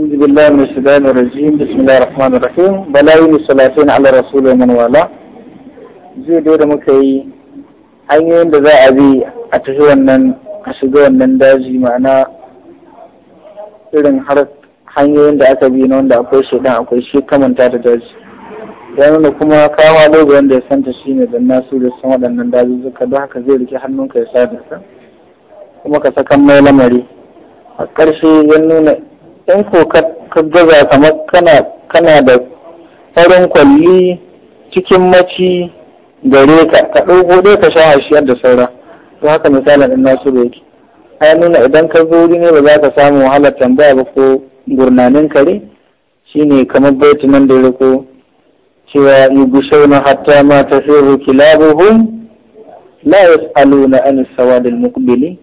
أعوذ بالله من الشيطان الرجيم بسم الله الرحمن الرحيم بلاين الصلاتين على رسول من والاه zai dai da muka yi hanyoyin da za a bi a tafi wannan a shiga wannan daji ma'ana irin har hanyoyin da aka bi na wanda akwai shi dan akwai shi ta da daji ya nuna kuma kawa lobe wanda ya santa shi ne don nasu da san daji dazuzzuka don haka zai rike hannunka ya sa da kuma ka sakan mai lamari a ƙarshe ya nuna in ko ka gaza kamar kana da farin kwalli cikin maci gare ka ka ɗauko dai ka sha hashiyar da saura to haka misalin in nasu da yake ai nuna idan ka zo ne ba za ka samu wahalar tambaya ba ko gurnanin kare shine kamar baiti nan da riko cewa na hatta ma tasiru kilabuhum la yas'aluna an sawadil muqbili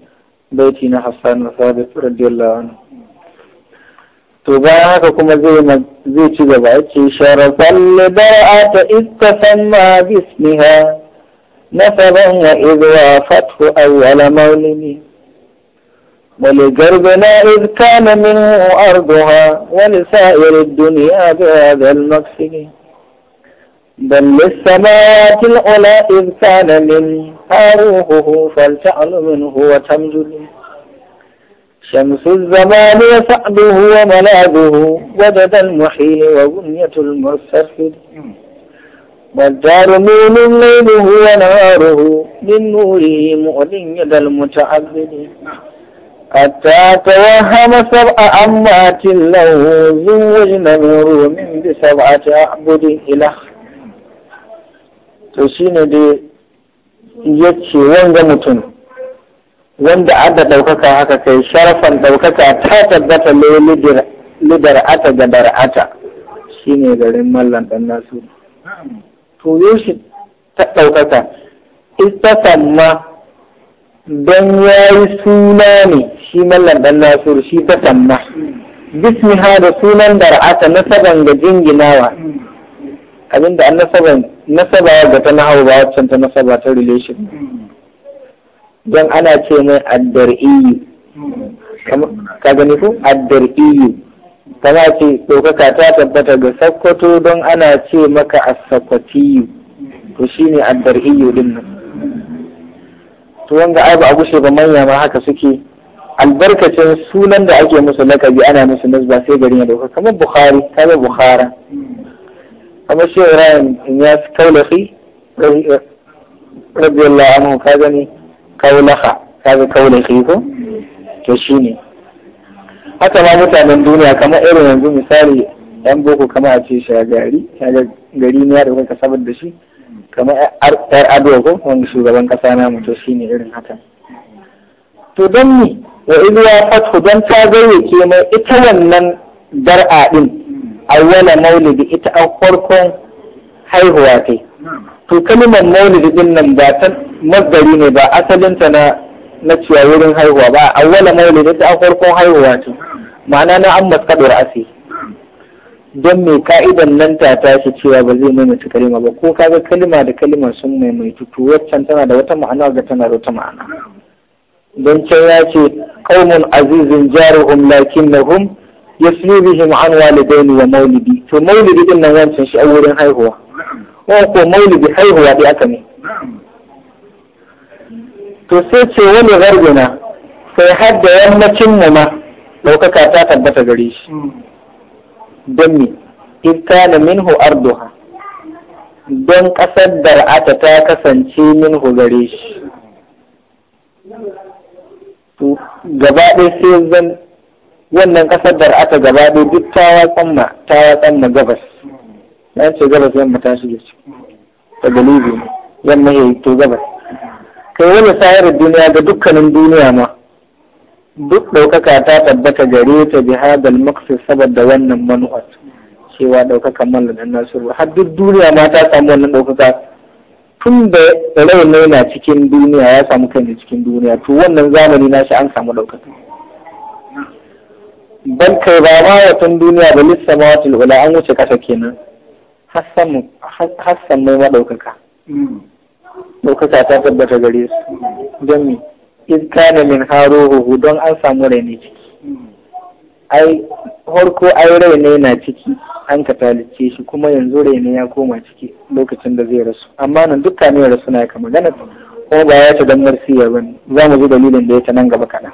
baiti na Hassan Sabit radiyallahu anhu سبحانكم زي چې دا وایي چې شرف البراءة إذ تسمى باسمها نسبا وإذ وافته أول مولد ولقربنا إذ كان منه أرضها ولسائر الدنيا بهذا المقصد بل للسماوات الأولى إذ كان منها روحه فلتعل منه وتمجد شمس الزمان وسعده وملاذه ودد المحيل وبنية المستفد والدار مين الليل هو ناره من نوره مؤذن يد المتعبد حتى توهم سبع أمات له زوجنا نور من بسبعة أعبد إله to دي dai yace wanda aka ɗaukaka haka kai sharafan ɗaukaka ta tabbata ne lidar ata ga ata shi ne garin mallan ɗan nasu to shi ta ɗaukaka ita samma don ya yi suna ne shi mallan ɗan nasu shi ta bismi ha da sunan dar'ata nasaban ga jinginawa abinda an nasaba ga ta nahawa ba waccan ta nasaba ta relation don ana ce mai addar'iyu ka gani ko addar'iyu kama ce ɗaukaka ta tabbata ga sakkwato don ana ce maka as-sakkwatiyu ne addar addar'iyu din nan to wanga ai ba a gushe ba manya ma haka suke albarkacin sunan da ake musu lakabi ana musu nasba sai garin ya ɗauka. kamar bukhari kaga bukhara Kama shi ibrahim in ya kaulafi radiyallahu anhu ka gani kaulaha kaga kai ko to shine haka ma mutanen duniya kamar irin yanzu misali yan boko kamar a ce shagari kaga gari ne ya da kuka sabar da shi kamar yar ado ko wani shugaban kasa na mu to shine irin haka to don ni wa iliya fatu don ta gayyace mai ita wannan dar'a din awwala maulidi ita a farkon haihuwa kai. to kalimar maulidi din nan ba ta mazgari ne ba asalinta na na cewa wurin haihuwa ba awwala maulidi ta farkon haihuwa ce ma'ana na an maskaɗo ra'asi don me ka'idan nan ta tashi cewa ba zai maimaita kalima ba ko kaga kalima da kalimar sun maimaitu to waccan tana da wata ma'ana ga tana da wata ma'ana don can ya ce qaumun azizun jaruhum lakinnahum yasri bihim an walidaini wa maulidi to maulidi din nan wancan shi a wurin haihuwa ko ko maulidi haihuwa dai aka ne to sai ce wani garbina sai hadda, yammacin mu ma ɗaukaka ta tabbata gare shi hmm. don me in min minhu arduha don ƙasar dar'ata ta kasance minhu gare shi to gaba ɗaya sai zan wannan ƙasar dar'ata gaba ɗaya duk ta watsan ma ta watsan ma gabas na ce gabas yamma ta shige ci ta galibi ne yamma ya yi to gabas kai wani sayar duniya ga dukkanin duniya ma duk ɗaukaka ta tabbata gare ta bi hadal maqsad saboda wannan manu'at cewa ɗaukaka ɗaukakan na nasiru har duk duniya ma ta samu wannan ɗaukaka tun da rauni na cikin duniya ya samu kai cikin duniya to wannan zamani nashi an samu ɗaukaka bal kai ba ma watan duniya ba lissa mawatul ula an wuce kasa kenan hassan mai maɗaukaka hmm. ɗaukaka ta tabbata gare su don me In kana min haruhu don an samu rai ne ciki ai horko ai rai ne na ciki an ka talice shi kuma yanzu rai ne ya koma ciki lokacin da zai rasu amma nan dukkanin ya rasu na ya kama gana kuma ba ya ta dan marsiya ba za mu ji dalilin da ya ta nan gaba kaɗan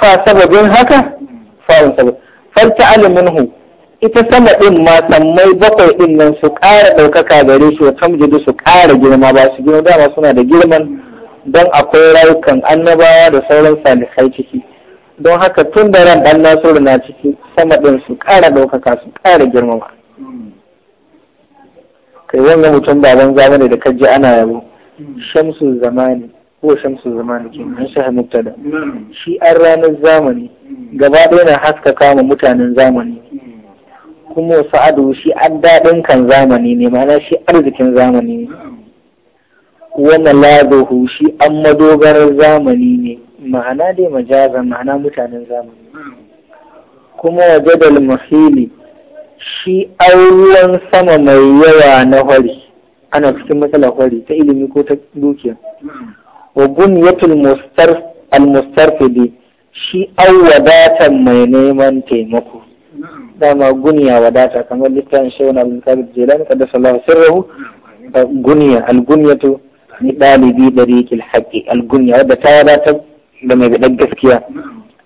fa sababin haka fa sabab farta hu. ita sama ɗin ma tsammai bakwai ɗin nan su ƙara ɗaukaka gare shi wa tamjidu su ƙara girma ba su girma dama suna da girman don akwai rayukan annabawa da sauran salihai ciki don haka tun da ran ɗan nasiru na ciki sama ɗin su ƙara ɗaukaka su ƙara girmama kai wanga mutum baban zamani da kaji ana yabo shamsu zamani ko shamsu zamani ke an shaha mubtada shi an ranar zamani gaba ɗaya na haskaka ma mutanen zamani kuma sa'adu shi an daɗin kan zamani ne ma'ana shi arzikin zamani ne wannan laduhu shi an madogarar zamani ne ma'ana dai majaza ma'ana mutanen zamani kuma jadal mahili shi auren sama mai yawa na hori ana cikin matsala hori ta ilimi ko ta dukiya wa almustar mustarfidi shi an wadatan mai neman taimako dama guniya wadata kamar littafin shehun abdulkadir jilani kada Allah sirruhu guniya alguniya to ni dalibi da haqqi haƙƙi alguniya wadda ta wadatar da mai gaɗar gaskiya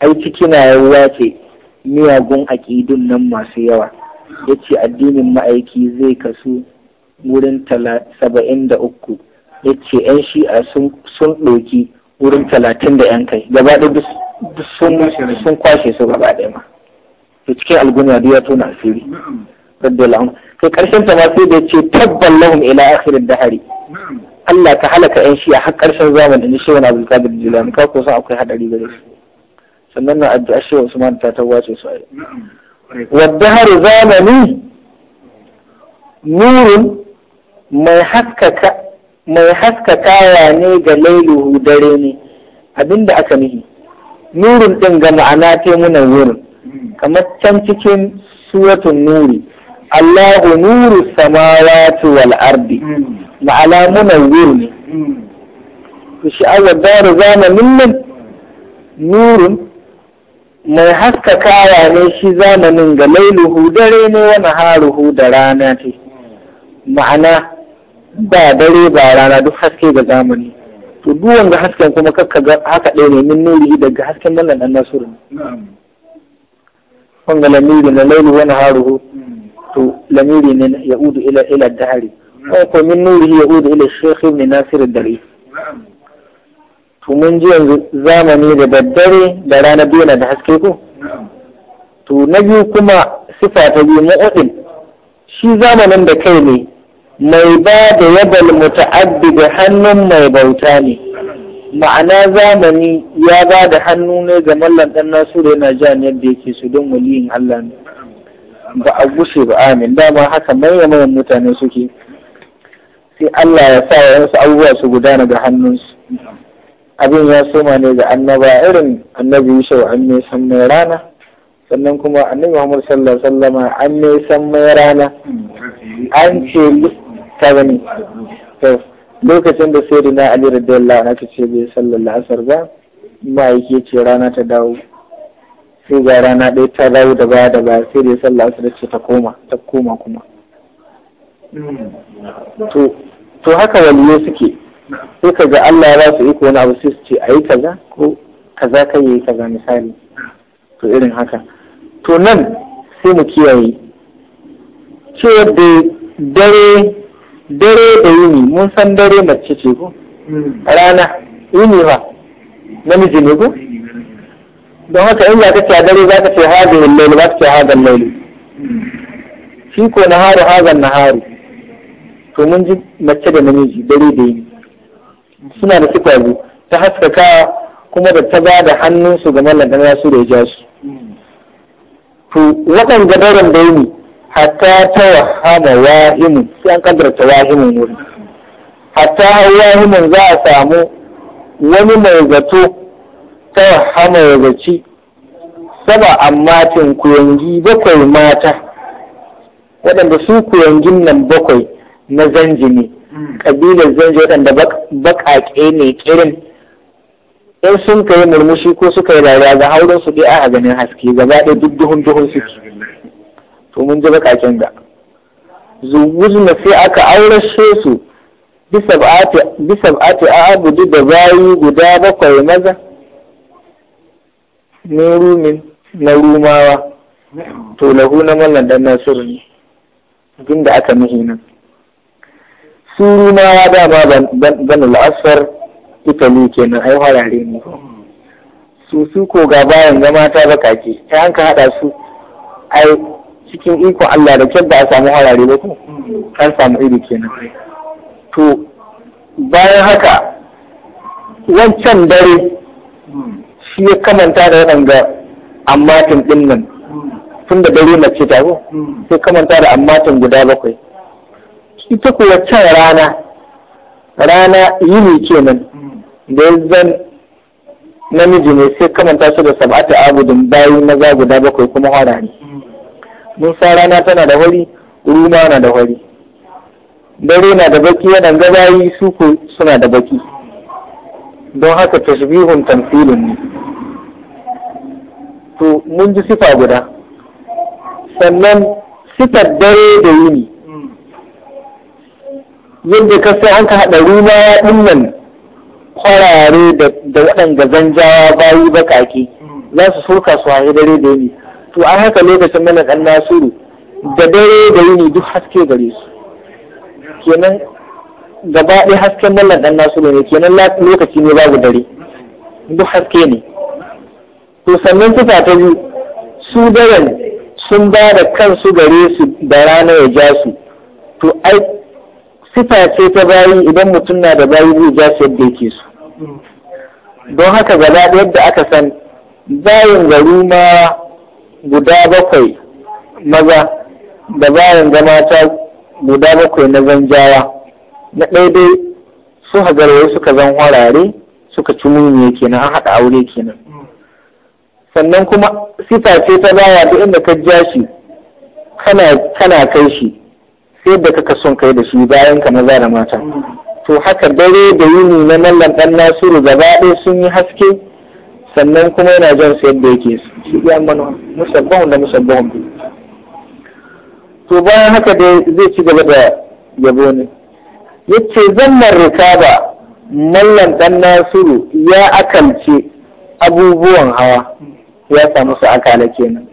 ai ciki na yawa ce miyagun aƙidun nan masu yawa ya ce addinin ma'aiki zai kasu wurin saba'in da uku ya ce 'yan shi'a sun ɗoki wurin talatin da 'yan kai gaba ɗaya sun kwashe su gaba ɗaya ma da cikin alguna duk ya tona asiri radiyallahu kai karshen ta ma sai da ce tabban lahum ila da hari. Allah ka halaka yan shi'a har karshen zamanin ni wani abin Qadir Jilani ka ko san akwai hadari gare su sannan na addu'a shehu Usman ta tawace su ai Wadda hari zamani nurun mai haskaka mai haskakawa ne ga lailuhu dare ne abinda aka nihi nurun ɗin ga ma'ana te munan wurin kamar can cikin suratun nuri Allahu nuru samawati wal ardi alamunan wuri ne ku shi Allah da zamanin nan nurin mai haskakawa ne shi zamanin ga lailuhu dare ne wani haruhu da rana ce ma'ana ba dare ba rana duk haske ga zamani to duk wanda hasken kuma kakka haka ɗaya ne min nuri daga hasken mallan dan nasiru Kunga lamiri na lailu wani haruhu to lamiri ne ya udu ila ila dahari ko ko min nuri ya udu ila shekhi ibn nasir dari to mun ji yanzu zamani da daddare da rana biyu na da haske ko to na biyu kuma sifa ta biyu mu'udin shi zamanin da kai ne mai ba da yabal muta'addi hannun mai bauta ne ma'ana zamani ya ba da hannu ne ga mallan ɗan nasu da yana jan yadda yake su don waliyin Allah ne ba a gushe ba amin dama haka manya manyan mutane suke sai Allah ya sa yansu abubuwa su gudana ga hannunsu abin ya soma ne ga annaba irin annabi Yusuf an san rana sannan kuma annabi Muhammad sallallahu alaihi wasallama an rana an ce ta gani lokacin da sai na ali radiyallahu anhu ce bai sallar asar ba yake ce rana ta dawo sai ga rana ɗaya ta dawo da baya da baya sai dai sallar asar ce ta koma ta koma kuma to to haka waliyo suke sai ka ga Allah ya ba su iko wani abu sai su ce ayi kaza ko kaza kai yi kaza misali to irin haka to nan sai mu kiyaye cewar da dare dare da yini mun san dare mace ce ko hmm. rana yini ba namiji ne ko don haka in za ka ce dare za ka ce hadin laili za ka ce hadan laili shi ko na hari hadan na hari to mun ji mace da namiji dare da yini suna da suka ta haskaka kuma da ta ba da hannunsu ga mallaka na su da ya ja su hmm. to waɗanda daren da yini hatta ta wahama wahimu sai an kaddarta wuri hatta za a samu wani mai zato ta wahama ya zaci saba ammatin kuyangi bakwai mata waɗanda su kuyangin nan bakwai na zanji ne hmm. ƙabilar zanji waɗanda baƙaƙe ne ƙirin in sun kai murmushi ko suka yi rayuwa ga haurinsu su dai a ganin haske gaba ɗaya duk duhun duhun suke to mun ji bakakin ga na sai aka aurashe su bisab'ati a abudu da bayu guda bakwai maza ne rumin na rumawa to lahu na mallan dan nasiru ne abinda aka nan. su rumawa dama ban al'asar italy kenan ai harare ne su su ko ga bayan ga mata bakake ta hanka hada su ai cikin iko Allah da kyau da a samu harare ba ko mm. an samu iri kenan to bayan haka wancan dare mm. shi ya kamanta da waɗanda ammatin ɗin nan mm. tun da dare mace ta ko sai kamanta da ammatin guda bakwai ita ko waccan rana rana yini kenan da ya zan namiji ne sai kamanta su da sabata abudin bayi maza guda bakwai kuma harare musa rana tana da wari ruma na da wari dare na da baki waɗanga bayi su ko suna da baki don haka tashbihun tamthilun ne to mun ji sifa guda sannan sifar dare da yini yadda ka sai an ka haɗa ruma ɗinnan kwarare da waɗanda zanjawa bayi baƙaƙe za su soka su dare da yini to an haka lokacin mana dan nasiru da dare da yini duk haske gare su kenan gaba ɗaya hasken mallan ɗan nasiru ne kenan lokaci ne babu dare duk haske ne to sannan tufa ta biyu su daren sun ba da kansu gare su da rana ya ja su to ai sifa ce ta bayi idan mutum na da bayi zai ja su yadda yake su don haka gaba yadda aka san bayin garuma guda bakwai maza da bayan ga mata guda bakwai na zanjawa na daidai su hagarwai suka zan harare suka ci munye kenan an haɗa aure kenan sannan kuma sita ce ta baya duk inda ka ja shi kana kai shi sai da kaka son kai da shi bayan ka maza da mata to haka dare da yini na mallan ɗan nasiru gaba ɗaya sun yi haske sannan kuma yana jan su yadda yake su shi ya mana musabbahun da musabbahun bi to bayan haka dai zai ci gaba da yabo ne yace zamman rikaba mallan dan nasiru ya akalce abubuwan hawa ya samu su akala kenan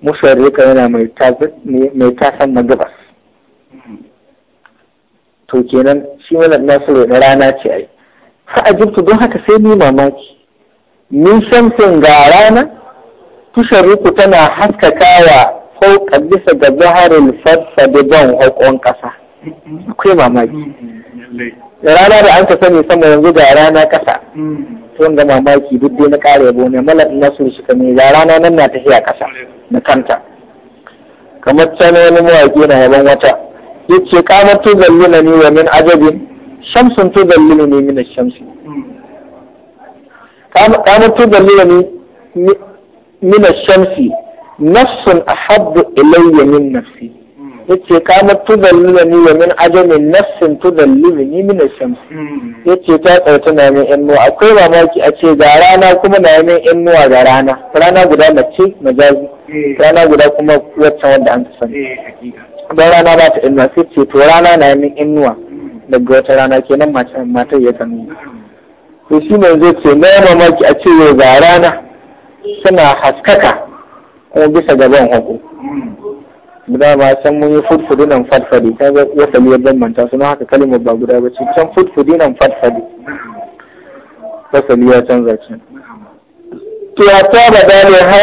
musharrika yana mai tasan na gabas to kenan shi mallan nasiru na rana ce ai fa ajibtu don haka sai ni mamaki min shamsin ga rana ruku tana wa ko bisa ga zaharin ban hukun kasa. akwai mamaki rana da an ka sani sama yanzu ga rana kasa, to ga mamaki duk dai na kare yabo ne malak nasur shi kame ga rana nan na tafiya kasa na kanta kamar can wani mawaƙi na yaban wata yace kamar tuzallina ni wa min ajabin shamsun tuzallina ni min shamsi qamat da ni min shamsi نفس ahabbu ilayya min nafsi yace kama tudallilani wa min ajamin nafsin tudallilani min shamsi yace ta tsauta na min yan nuwa akwai mamaki a ce ga rana kuma na min yan nuwa ga rana rana guda mace majazi rana guda kuma wacce wanda an ta sani rana ba ta yan nuwa sai ce to rana na min yan nuwa daga wata rana kenan mata ya kan to shi ne zai ce na mamaki a cewa ga rana suna haskaka kuma bisa gaban hagu guda ba can mun yi fudfudi nan fadfadi ta ga wasali ya bambanta suna haka kalimar ba guda ba ce can fudfudi nan fadfadi wata liyar canza can to ya ta ba dale ha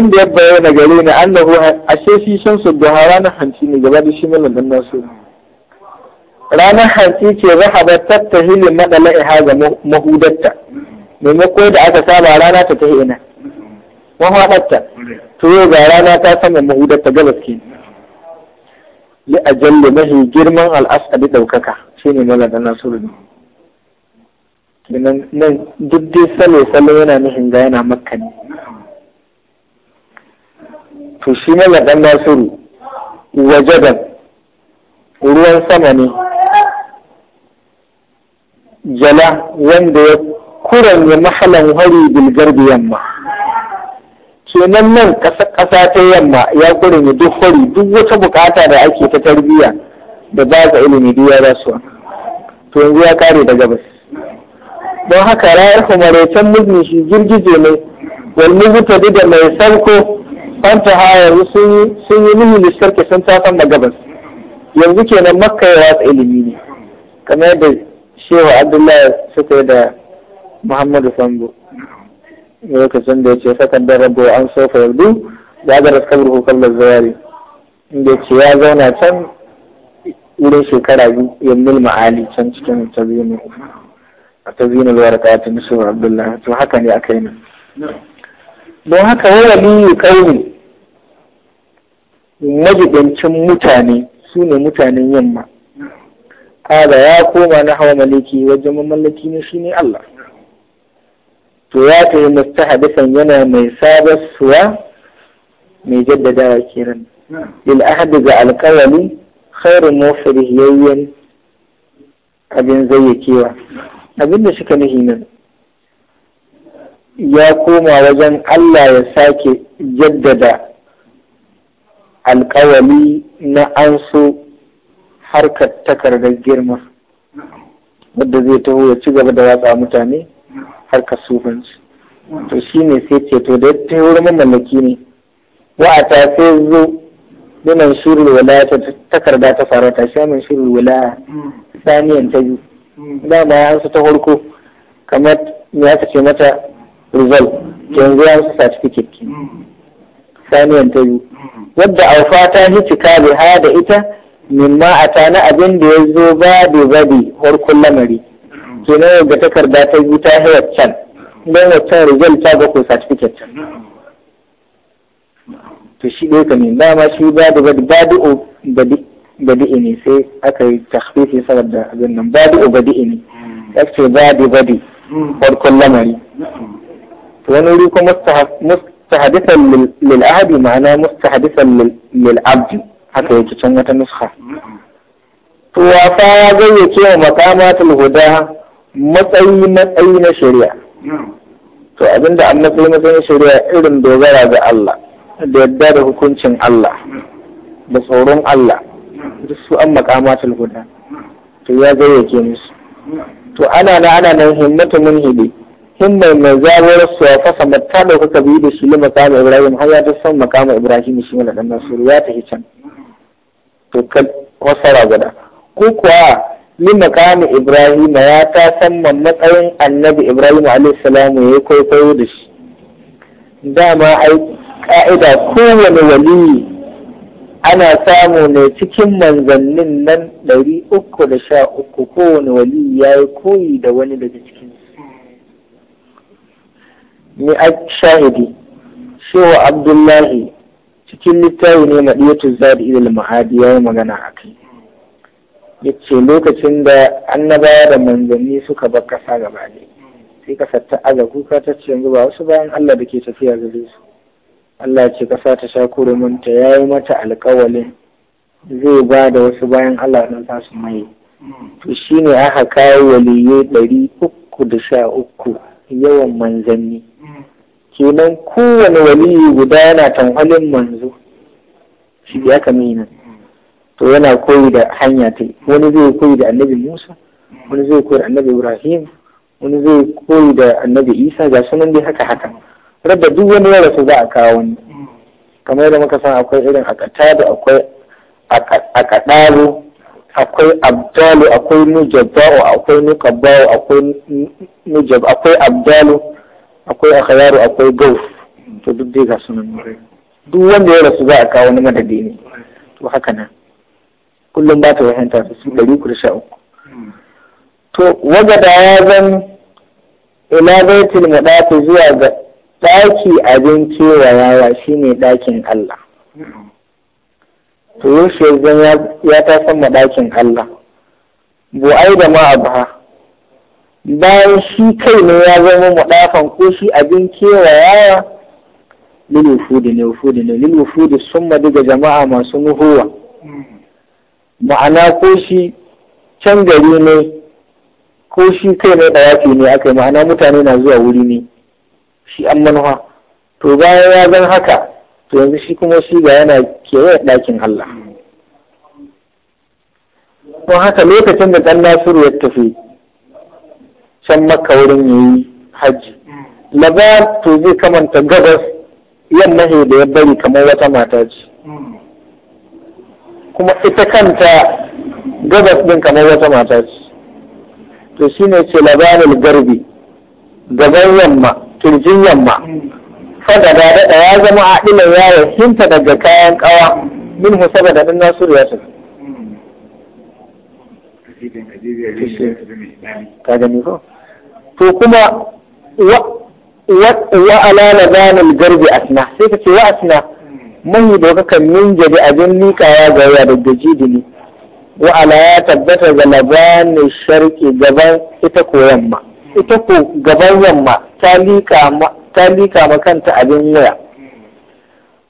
inda ya bayyana gare ni annahu ashe shi su da rana hanci ne gaba da shi mallan nan nasu ranar hantsi ce za a zahaba tattahili madala'iha ga mahudatta maimako da aka saba rana ta ta ina mahudatta to yau ga rana ta sama mahudatta gabas ke li ajalli mahi girman al'asadi daukaka ne maladan nasiru ne kenan nan duk dai salo salo yana nufin ga yana makka ne to shi maladan nasiru wajadan ruwan sama ne jala wanda ya ya mahalan hari da yamma kenan nan ƙasa ta yamma ya ya duk hari duk wata bukata da ake ta tarbiyya da ba za ilimi duk ya rasuwa to yanzu ya kare da gabas don haka rayar humaraitan muzni shi girgije ne walmi zuta da mai sarko fanta haya sun yi nuni lissarki sun tafan da gabas yanzu kenan makka ya ilimi ne kamar yadda shehu abdullahi suka yi da muhammadu sambo lokacin da ya ce da rabu an sofa yardu ya ga hukar da zawari inda ya ce ya zauna can wurin shekara biyu yammil ma'ali can cikin tabinu a tabinu lura ta ta nisu abdullahi to haka ne aka yi nan don haka wani biyu kauni majibincin mutane su ne mutanen yamma kada ya koma na hawa maliki wajen mamallaki ne shi ne Allah to ya kai mustahadisan yana mai sabasuwa mai jaddadawa kiran lil ahadi ga alkawali khairu mufrihiyyan abin zai kewa abin da suka nuhi nan ya koma wajen Allah ya sake jaddada alkawali na an so harkar takardar girma wadda zai taho ya ci gaba da watsa mutane harkar sufanci to shi ne sai ce to da ta wurin mamallaki ne ta sai zo binan shirin wala ta takarda ta ta shi min shirin wilaya saniyan ta biyu ma ya hansu ta farko kamar me aka ce mata rizal yanzu ya hansu certificate saniyan ta biyu wadda aufa ta cika kabe haya da ita mimma a tana abin da ya zo ba da bade farkon lamari kenan ga takarda ta yi ta hayar can don waccan rijal ta ga ko certificate can to shi ɗaya ka min dama shi ba da bade ba da ba da ne sai aka yi tahfifi da abin nan ba da ba da ne ya ce ba da bade farkon lamari to wani wuri kuma mustahadisan lil ma'ana mustahadisan lil haka yake can wata nuska to ya ya gayyace wa makamatul huda matsayi matsayi na shari'a to abinda an matsayi matsayin shari'a irin dogara ga Allah da yadda da hukuncin Allah da tsoron Allah duk su an makamatul huda to ya gayyace musu to ana na ana na himmatu min hidi himmai mai zawar su ya fasa matta da kuka biyu da shi lima kama Ibrahim har ya ta san makama Ibrahim shi mana ɗan Nasiru ya tafi can to fassara guda ko kuwa ni makami ibrahim ya ta sannan matsayin annabi ibrahim alaihi ya kwaikwayo da shi dama ai ka'ida kowane waliyi ana samu ne cikin manzannin nan ɗari uku da sha uku kowane waliyi ya yi koyi da wani daga cikin ni a shahidi wa abdullahi cikin littafi ne maɗiyatu da ilil ma'adi ya yi magana a kai ya ce lokacin da annaba da manzanni suka bar ƙasa gaba ne sai ka ta aza kuka ta ce yanzu ba wasu bayan Allah da ke tafiya gare su Allah ce ƙasa ta sha kuruminta ya yi mata alƙawalin. zai ba da wasu bayan Allah na za su maye to shine aka kawo waliyyai ɗari uku da sha uku yawan manzanni kenan kowane waliyu guda yana tanhalin manzo shi ya nan. to yana koyi da hanya ta wani zai koyi da annabi musa wani zai koyi da annabi ibrahim wani zai koyi da annabi isa ga sunan dai haka haka rabba duk wani yara su za a kawo wani kamar yadda muka san akwai irin akatado akwai akadaro akwai abdalu akwai mujabba akwai nuqabba'u akwai mujab akwai abdalu akwai akhyaru akwai gauf to duk dai ga sunan duk wanda ya rasu za a kawo wani madadi ne to haka nan kullum ba ta wahanta su su ɗari ku da sha uku to da ya zan ila baitul mudafi zuwa ga ɗaki abin kewayawa shine ɗakin Allah to yaushe zan ya ta san ɗakin Allah bu'ai da ma abu bayan shi kai ne ya zama maɗafan ko shi abin kewayawa lil wufudi ne wufudi ne lil wufudi sun daga jama'a masu muhuwa ma'ana ko shi can gari ne ko shi kai ne dawafi ne aka ma'ana mutane na zuwa wuri ne shi an manuwa to bayan ya zan haka to yanzu shi kuma shi ga yana kewaye ɗakin Allah kuma haka lokacin da ɗan Nasiru ya tafi can maka wurin yi hajji labar mm. to zai kamanta gabas nahi da ya bari kamar wata mata ce mm. kuma ita kanta gabas din kamar wata mata ce to shi ne ce labanin garbi gaban yamma turjin yamma mm. fada da daɗa ya zama adilan ya hinta daga kayan kawa min husaba da ɗan nasiru ya tafi ka gani ko to kuma wa alala zanin garbi asna sai ka ce wa asna mahi daukakan min jari abin likawa ga ya da ni wa ala ya tabbata ga labarin sharki gaban ita ko yamma ita ko gaban yamma ta lika ma kanta abin waya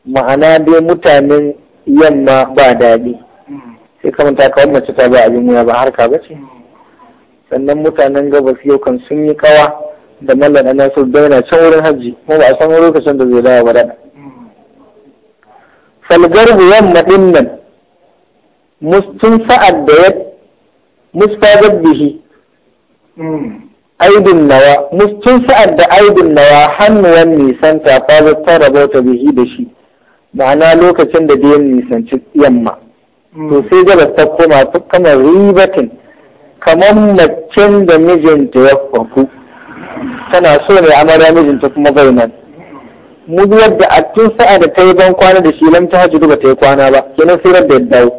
ma'ana dai mutanen yamma ba daɗi hmm. sai kamanta kawai mace ta a abin waya ba harka ba ce sannan mutanen gabas yau kan sun yi kawa da mallan ana so daina can wurin hajji kuma ba a san lokacin da zai dawo ba dana falgarbu yamma din nan mustun sa'ad da ya mustagar bihi aidin nawa mustun sa'ad da aidin nawa hannuwan nisanta fa ta rabota bihi da shi ma'ana lokacin da biyan nisanci yamma mm. to sai gabas ta koma kamar ribatin kamar macen da mijinta ya kwafu tana so ne amarya mijinta kuma bai nan muduwar da a tun sa'a da ta yi ban kwana da shi lam ta hajji ba ta yi kwana ba kenan sai da dawo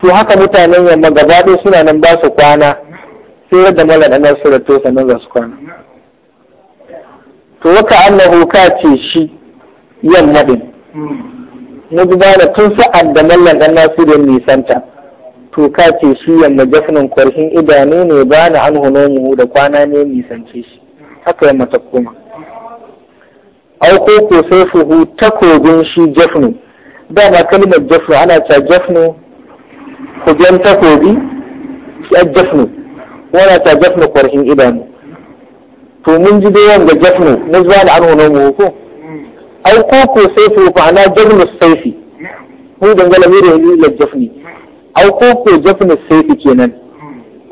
to haka mutanen yamma gaba ɗaya suna nan ba su kwana sai da malam ana so da tosa nan za su kwana to waka annahu ka ce shi yamma din hmm. na da tun sa'ad da mallan ɗan da nisanta to ka ce shi yamma jafnin kwarhin idanu ne ba na an mu da kwana ne nisance shi haka yamma ta koma auko ko sai fuhu takobin shi jafnu dama kalmar jafinu ana ta jafnu kujen takobi shi a jafinu wana ta jafinu kwarhin idanu to mun ji dai wanda jafnu na zuwa da an mu ko auko ko sai fuhu ana jafnu saifi mu dangala mere ne jafni ai ko ko jafna saifi kenan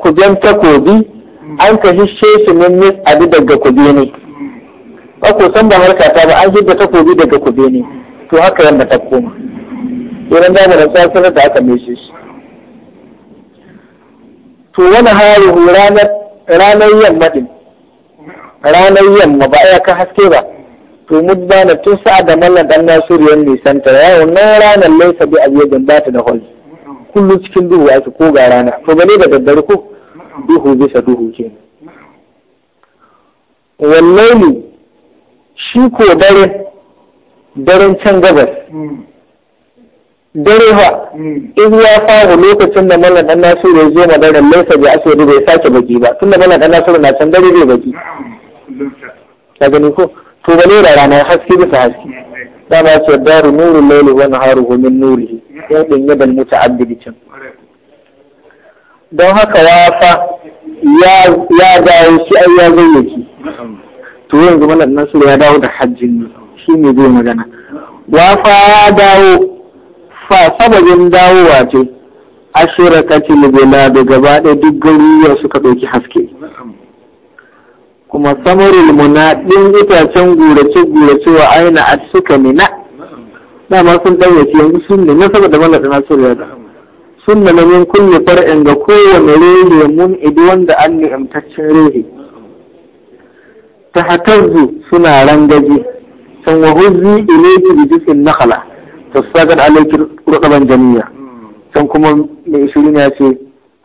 ku jan takobi an ka hisse shi min mis adi daga kube ne ba ku san ba harka ta ba an hidda takobi daga kube ne to haka yanda ta koma idan da mu rantsa sanar da aka meshe shi to wani harihu ranar ranar yamma din ranar yamma ba ya ka haske ba to mudda na tun sa'a da mallan dan nasiriyan nisanta ya wannan ranar laisa bi abiyadin ba ta da holi kullum cikin duhu ake ko ga rana to ba ne da daddare ko duhu bisa duhu ke wallahi shi ko dare daren can gabas dare ba in ya faru lokacin da mallan dan nasiru ya zo dare laisa bi asiri bai sake baki ba tun da mallan dan nasiru na can dare bai baki ka gani ko to ne da rana haske bisa haske dama ce daru nuru laili wa naharuhu min nurihi ya ɗanye da muta'addidin don haka wafa ya dawo shi ai ya zayyaki to yanzu mana nan ya dawo da hajjin ne shi ne zai magana wafa ya dawo fa sababin dawowa ce ashirakatil da gaba ɗaya duk gari suka ɗauki haske kuma samarul muna ɗin itacen gurace gurace wa aina at suka mina dama sun yake yanzu sun na saboda da nasu ya da sun nemi min kulle far'in ga kowane rere mun idi wanda an amtaccen rere ta hatarzu suna rangaji san wahuzi ilayki bi jisin nakhala sagar alaikin rukaban jamiya san kuma mai shirin ya ce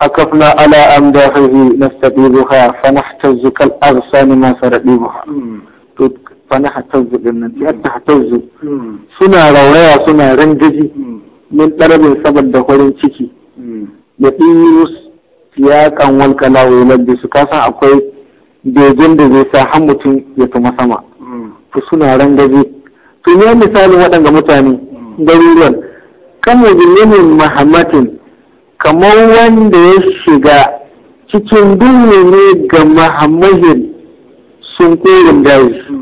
akafna ala amdahihi nastabibuha fa nahtazu kal arsani raɗi saradibuha hmm. fana hatauzu din nan sai ta hatauzu suna rauraya suna rangaji min ɗarabin saboda farin ciki ya ɗiyus ya kanwal kalawo labbi su kasan akwai begen da zai sa har mutum ya tuma sama to suna rangaji to ne misalin waɗanda mutane garuruwan kama bilimin mahamatin kamar wanda ya shiga cikin duhu ne ga mahamahin sun korin daji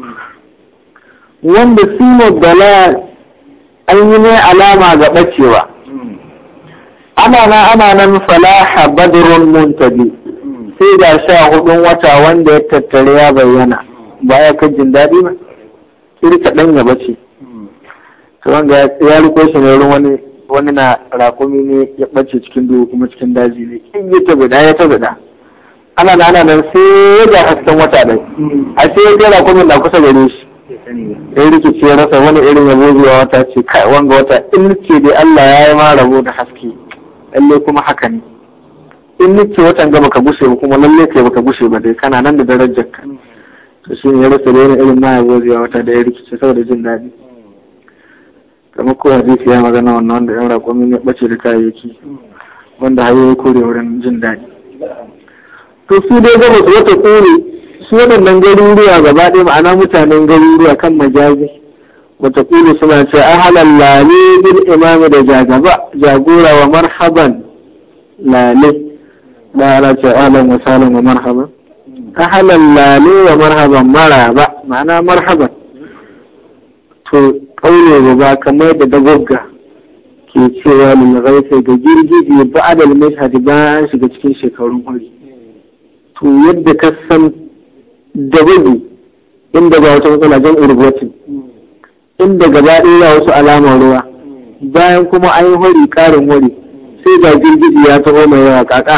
wanda su ne gala an yi ne alama ga ɓacewa ana na ana nan falaha badrun muntabi sai ga sha hudun wata wanda ya tattare ya bayyana ba ya kan jin daɗi ba iri kaɗan ya bace to wanda ya riko shi ne wani wani na rakumi ne ya ɓace cikin duhu kuma cikin daji ne in yi ta guda ya ta guda. ana na ana nan sai ya ga hasken wata dai a sai ya ga rakumin da kusa gare shi ya rikici ya rasa wani irin yabo zuwa wata ce kai wanga wata in nace dai Allah ya yi ma rabo da haske lalle kuma haka ne in nace watan gaba ka gushe ba kuma lalle kai baka gushe ba dai kana nan da darajar ka to shi ya rasa da irin ma yabo zuwa wata da ya rikice saboda jin daɗi kamar ko hadisi ya magana wannan wanda yan min ya ɓace da kayayyaki wanda hayo ya kore wurin jin daɗi to su dai gaba su wata kore su waɗannan garuruwa gaba ɗaya ma'ana mutanen garuruwa kan majazi ƙuli suna ce ahalan lale bil imami da jagaba jagora wa marhaban lale da ala ce ahalan wa salam wa marhaban halar lale wa marhaban maraba ma'ana marhaban to ƙaune ba kamar da dagogga ke cewa lulgaife ga girgije ba adal mashhad ba shiga cikin shekarun hori to yadda ka san da gudu inda ba wata matsala don irgwati inda gaba ɗaya wasu alamar ruwa bayan kuma an yi hori ƙarin hori sai ga girgidi ya taɓa mai yawa kaka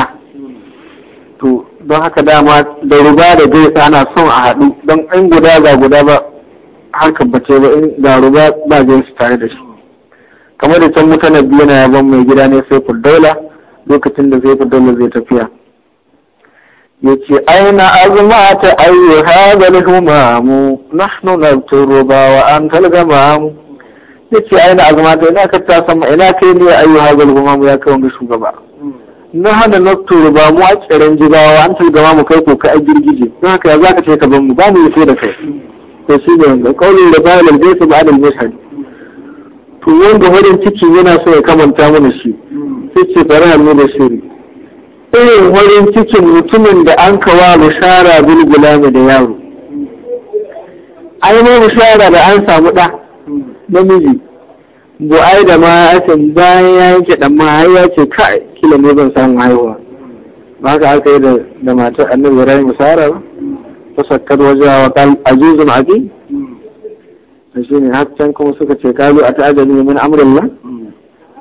to don haka dama da ruba da gaisa ana son a haɗu don in guda ga guda ba har bace ba in ga ruba ba gaisa tare da shi kamar da can mutanen biyu na yaban mai gida ne sai daula lokacin da sai daula zai tafiya yace aina azmata ayu hadal humamu nahnu nabturuba wa antal gamamu yace aina azmata ina ka ta sama ina kai ne ayu hadal humamu ya kai wani shugaba na hana nabturuba mu a tsirin jibawa antal gamamu kai ko ka girgije don haka ya zaka ce ka ban mu ba mu yi da kai to shi ne wanda kaulin da bayan lalbaitu ba adal mushari to wanda wurin ciki yana so ya kamanta mana shi sai ce bari hannu da shiri irin wurin cikin mutumin da an kawa bishara bil ne da yaro ai bishara da an samu ɗa namiji bu ai da ma asin bayan ya yanke ɗan ma har ya ce kai kila ne zan samu haihuwa ba ka aka yi da matar annabi rayu bishara ba ta sakkar wajawa kal azizun abi shi ne har can kuma suka ce kalu a ta'ajami min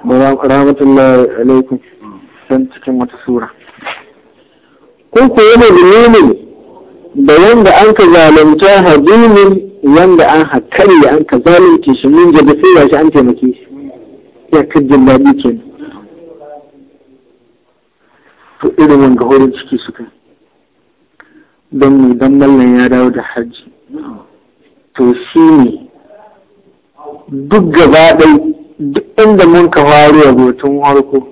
za ku rahmatullahi alaikum can cikin wata sura ko ko yana zulumin da wanda an ka zalunta hadumin wanda an hakari da an ka zalunce shi mun ga sai shi an taimake shi ya kajin daɗi kenan to irin wanga horin ciki suka don mu don mallan ya dawo da hajji to shi ne duk gaba ɗai duk inda mun ka faru a hoton harko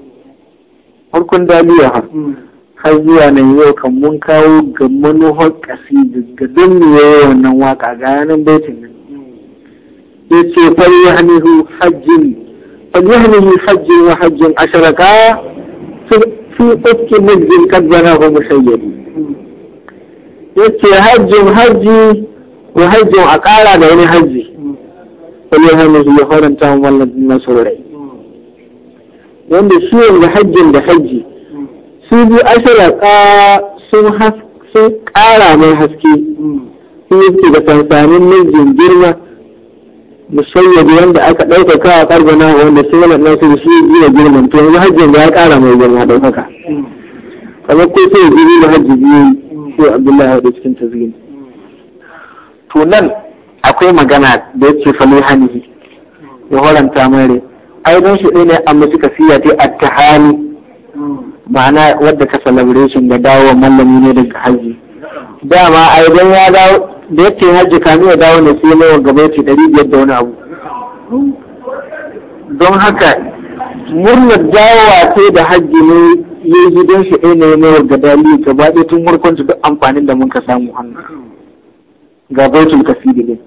harkon daliya har hmm. har zuwa na yau kan mun kawo ga manuhar ƙasi ga don me wa wannan waƙa ga yanan baitin nan ce fal yahnihu hajjin fal yahnihu hajjin wa hajjin asharaka fi ukki mujin na kuma mushayyadi Ya hajjin hajji wa hajjin a ƙara da wani hajji fal yahnihu ya faranta wannan nasarai wanda shi yanzu hajjin da hajji su biyu ashiraka sun ƙara mai haske sun yi da sansanin mijin girma musayyadi wanda aka ɗaukaka a ƙarfana wanda sun yana ɗansu da yi iya girman to yanzu hajjin da ya ƙara mai girma ɗaukaka kamar ko sai ya da hajji biyu ko abdullahi da cikin tazgini to nan akwai magana da ya ce fali hanihi ya horanta mai rai ai don shi ɗaya ne amma suka siya ta attahani ma'ana wadda ka celebration da dawo mallami ne daga haji dama a idan ya dawo da yake haji kami ya dawo ne sai mai gaba yake ɗari biyar da wani abu don haka murnar dawowa sai da haji ne ya yi don shi ɗaya ne mai warga dali ba ɗaya tun farkon duk amfanin da mun ka samu hannu ga baitul kasidi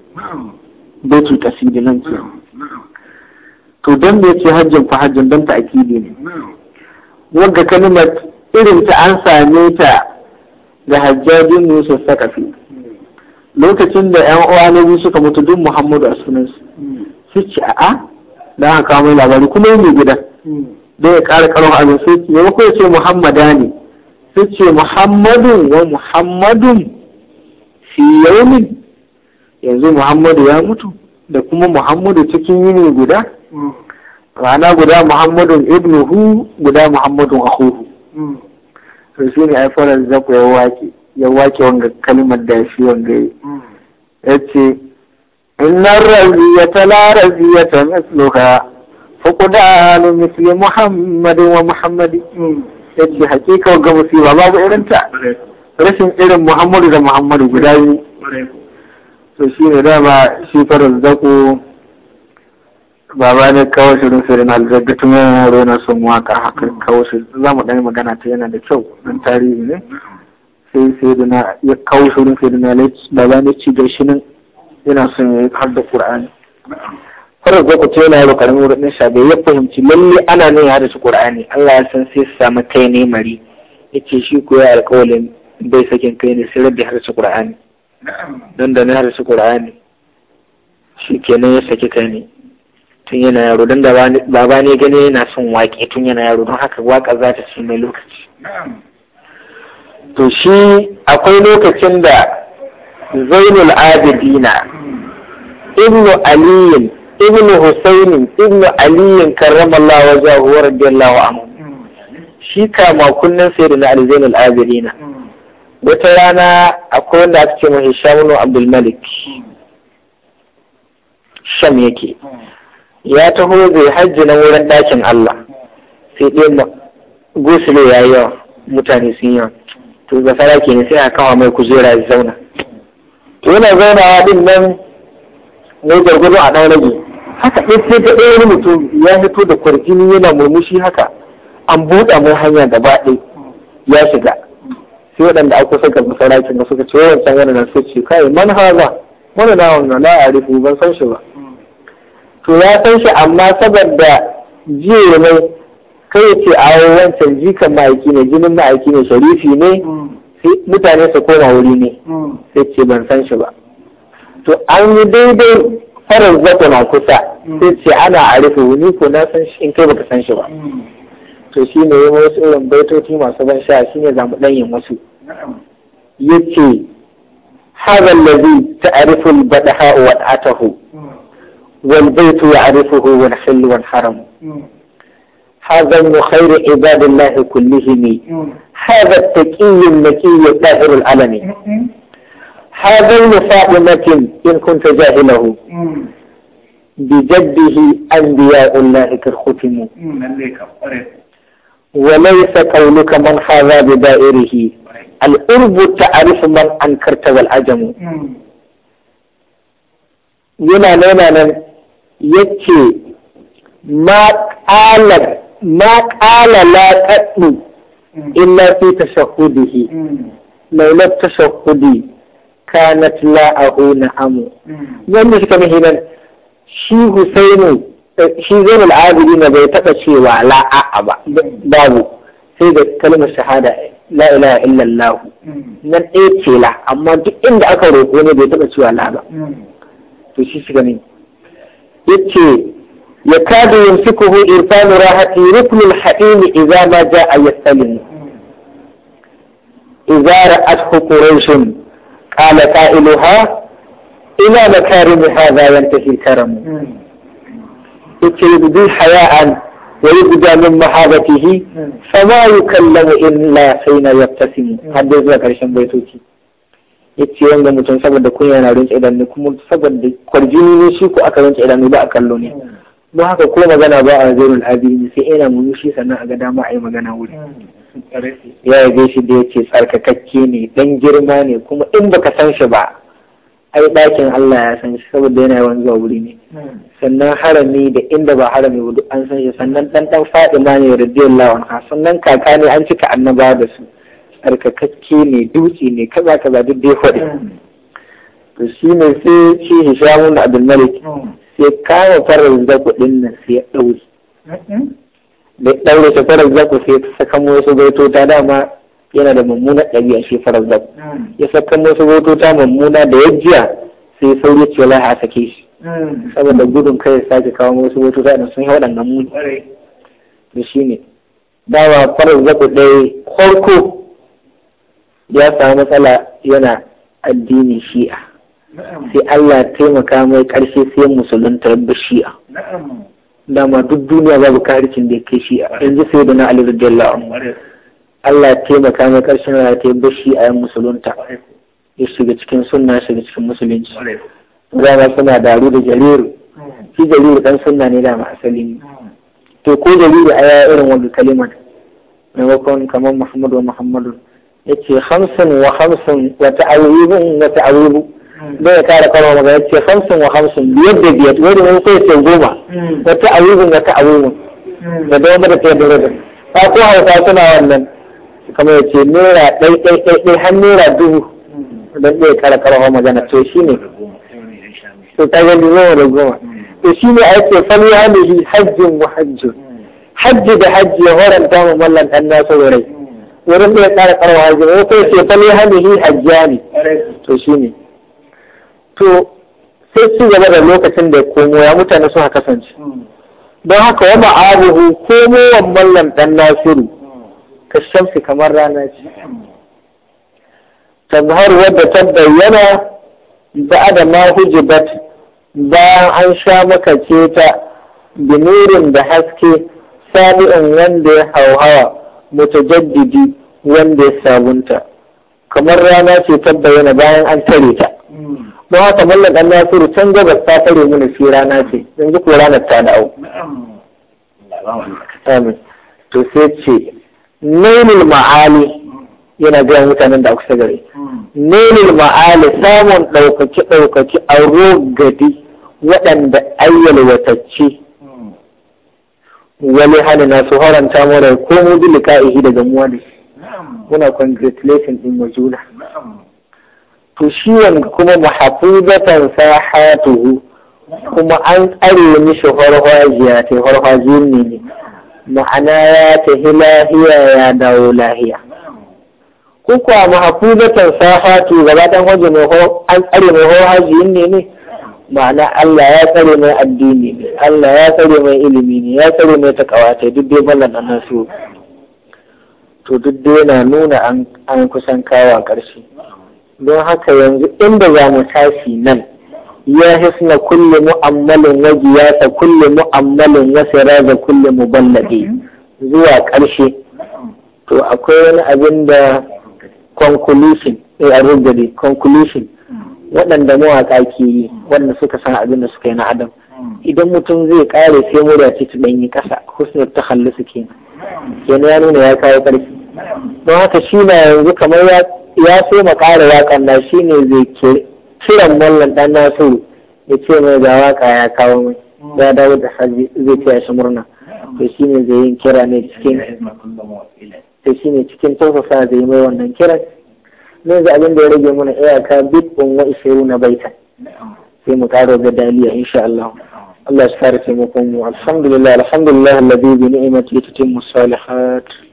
baitul kasidi nan ce. to don da ya ce hajjin fa hajjin don ta akidi ne wagga kalimar irin ta an same ta da hajjajin musu Sakafi lokacin da yan uwa na biyu suka mutu duk Muhammadu a sunan su ci a'a da aka kawo mai labari kuma ne gida da ya ƙara karon abin su ce ya ce Muhammada ne su ce Muhammadun wa Muhammadun fi yaumin yanzu Muhammadu ya mutu da kuma Muhammadu cikin yini guda rana guda muhammadun hu guda muhammadun akuhu hmm. to shi ne aifarar zaku ya wake ya wake wanga kalmar da shi wanga hmm. ya ce innan raziyata la raziyata misluha fuqdanu misli muhammadin wa muhammadi hmm. ya ce hakika ga musiba babu irinta rashin irin muhammadu da muhammadu guda biyu to shi ne dama shi farar zaku baba ne kawai shirin firin aljabi tun yana yaro yana son waka haka kawai shirin za mu ɗan magana ta yana da kyau nan tarihi ne sai sai da na ya kawo shirin firin baba ne ci da shi nan yana son ya yi har da ƙura'ani farar gwakwa ce yana yaro karamin wurin ɗin shabe ya fahimci lalle ana nan ya su ƙura'ani allah ya san sai su samu kai ne mari ya ce shi ko ya alƙawalin bai sakin kai ne sai rabbi su ƙura'ani don da na su ƙura'ani shi kenan ya saki kai ne tun yana yaro don da baba ne gani yana son waƙe tun yana yaro don haka waƙa za ta ci mai lokaci to shi akwai lokacin da zainul abidina ibnu aliyin ibnu husainin ibnu aliyin karramallahu wajahu wa radiyallahu anhu shi kama kunnen da na zainul abidina wata rana akwai wanda aka ce mai Shamunu Abdulmalik, sham yake ya taho zai hajji na wurin ɗakin Allah sai ɗaya da gosulo ya yi yawa mutane sun yawa to ga ke ne sai a kawo mai kujera ya zauna to yana zaunawa din nan mai gargado a ɗan rage haka ɗin sai ɗaya wani mutum ya fito da kwarjini yana murmushi haka an buɗa mai hanya gaba ɗaya ya shiga sai waɗanda aka kusa ga masarakin da suka ce wancan yana nan sai ce kai man haza mana na wannan na arifu ban san shi ba to ya san shi amma saboda jiya ne kai ya ce a wancan jikan ma'aiki ne jinin ma'aiki ne sharifi ne mutane su koma wuri ne sai ce ban san shi ba to an yi daidai farar zato na kusa sai ce ana a rufe wuni ko na san shi in kai baka san shi ba to shi ne yi wasu irin baitoci masu ban sha shi ne za mu wasu ya ce haɗa lazi ta arifin baɗa wa'atahu والبيت يعرفه والحل والحرم هذا من خير عباد الله كلهم هذا التكي المكي الطاهر العلم هذا المفاهمة إن كنت جاهله بجده أنبياء الله كالختم وليس قولك من هذا بدائره الأرب تعرف من أنكرت والعجم ينا نونا yace ma qala ma qala la qaddu illa fi tashahhudihi mm. laula tashahhudi kanat la auna amu mm. wannan shi kamar hinan shi Husainu eh, shi zai Zainul na bai taɓa cewa la'a mm. ba babu sai da kalmar shahada la ilaha illallah nan ɗaya ce la amma duk inda aka roƙo ne bai taɓa cewa la ba to shi shiga ne يتي يكاد يمسكه إرفان راحتي ركن الحكيم إذا ما جاء يستلم إذا رأته قريش قال قائلها إلى مكارم هذا ينتهي الكرم يتي يبدو حياء ويبدا من محابته فما يكلم الا حين يبتسم ya ce wanda mutum saboda kunya na idan ne kuma saboda kwarjini ne shi ko aka idan ne ba a kallo ne don haka ko magana ba a zairul ne sai ina shi sannan a ga dama a yi magana wuri ya zai shi da ya ce tsarkakakke ne dan girma ne kuma in baka san shi ba ai ɗakin Allah ya san shi saboda yana yawan zuwa wuri ne sannan harami da inda ba harami an san shi sannan dan dan ma ne radiyallahu anha sannan kaka ne an cika annaba da su tsarkakakke ne dutse ne kaza kaza duk dai faɗi to shi ne sai shi hishamu da abin malik sai kawo farar zaku ɗin nan sai ya ɗaure da ɗaure shi farar zaku sai ta saka wasu gaitota dama yana da mummuna ɗabi'a shi farar zaku ya saka wasu gaitota mummuna da yajjiya sai sauri ce laha a sake shi saboda gudun kai sake kawo wasu gaitota da sun yi waɗannan muni da shi ne dawa farar zaku ɗaya farko ya samu matsala yana addini shi'a sai Allah taimaka mai karshe sai musulunta ba shi'a dama duk duniya babu karicin da kai shi'a yanzu sai da na Ali radiyallahu anhu Allah taimaka mai ƙarshen rayuwa ta ba shi'a yan musulunta ya shiga cikin sunna shiga cikin musulunci dama suna daru da jariru hmm. shi jariru dan sunna ne dama asali ne hmm. to ko jariru a irin wani kalimar maimakon kamar Muhammadu wa Muhammadu yace hamsin wa hamsin wata ta'awibun wata ta'awibu hmm. bai ya kara karo magana yace hamsin wa hamsin biyar da biyar wani wani sai ce goma hmm. wa ta'awibun wa ta'awibun hmm. da dawo da ta da ta ko hausa suna wannan kamar yace naira ɗai ɗai ɗai ɗai har naira dubu dan bai kara karo magana to ne to ta gani goma da goma to ne a ce fal yalihi hajjin wa hajjin hajji da hajji ya horanta mu mallan dan nasu rai wurin da ya kara karwa hajji ya kai ce fa ne halihi hajjani to shi ne to sai ci gaba da lokacin da ya komo ya mutane suka kasance hmm. don haka wa ma'aruhu komo wa Mallam dan nasiru hmm. ka shamsi kamar rana ce tazharu wadda ta bayyana da adama hujibat bayan an sha maka ce ta binurin da haske sabi'in wanda ya hauhawa mutajaddidi wanda ya sabunta kamar rana ce ta bayyana bayan an tare ta don haka mallan dan nasiru can gabas ta tare mana shi rana ce yanzu ko ranar ta dawo amin to sai ce nailul ma'ali yana gaya mutanen da aka gare nailul ma'ali samun ɗaukaki ɗaukaki a rogadi waɗanda ayyalwatacce wani hali na su haranta mana ko mu bi lika'ihi da gamuwa da shi muna congratulation din wa juna to shi wanda kuma muhafizatan sahatuhu kuma an tsare ni mishi harhajiya ta harhajiyar ne ne ma'ana ya ta lahiya ya dawo lahiya ko kuwa mahafizatan sahatu gabatan hajji mai an tsare mai harhajiyar ne ne ma'ana Allah ya tsare mai addini ne Allah ya tsare mai ilimi ne ya tsare mai takawa ta duk dai mallakan su to duk dai yana nuna an kusan kawo ƙarshe don haka yanzu inda za mu tashi nan ya hisna kulle mu'ammalin ya ta kulle mu'ammalin wasira da kulle ballade zuwa ƙarshe to akwai wani abin da conclusion eh, conclusion waɗanda mawaƙa ke yi wanda suka san abin da suka yi na adam idan mutum zai kare sai murya ce ta ɗanyi ƙasa husnul ta hallusu ke kenan ya nuna ya kawo ƙarfi don haka shi na yanzu kamar ya so ma ƙara waƙan na shi ne zai ke kiran mallan ɗan nasiru ya ce mai ga waƙa ya kawo mai ya dawo da hajji zai ce ya shi murna to shi ne zai yi kira ne cikin to shi ne cikin tausasa zai mai wannan kiran من زعلان ده رجع من إياه كابيت أمم في متعرض دالية إن شاء الله الله يسترسمكم والحمد لله الحمد لله الذي بنعمته تتم الصالحات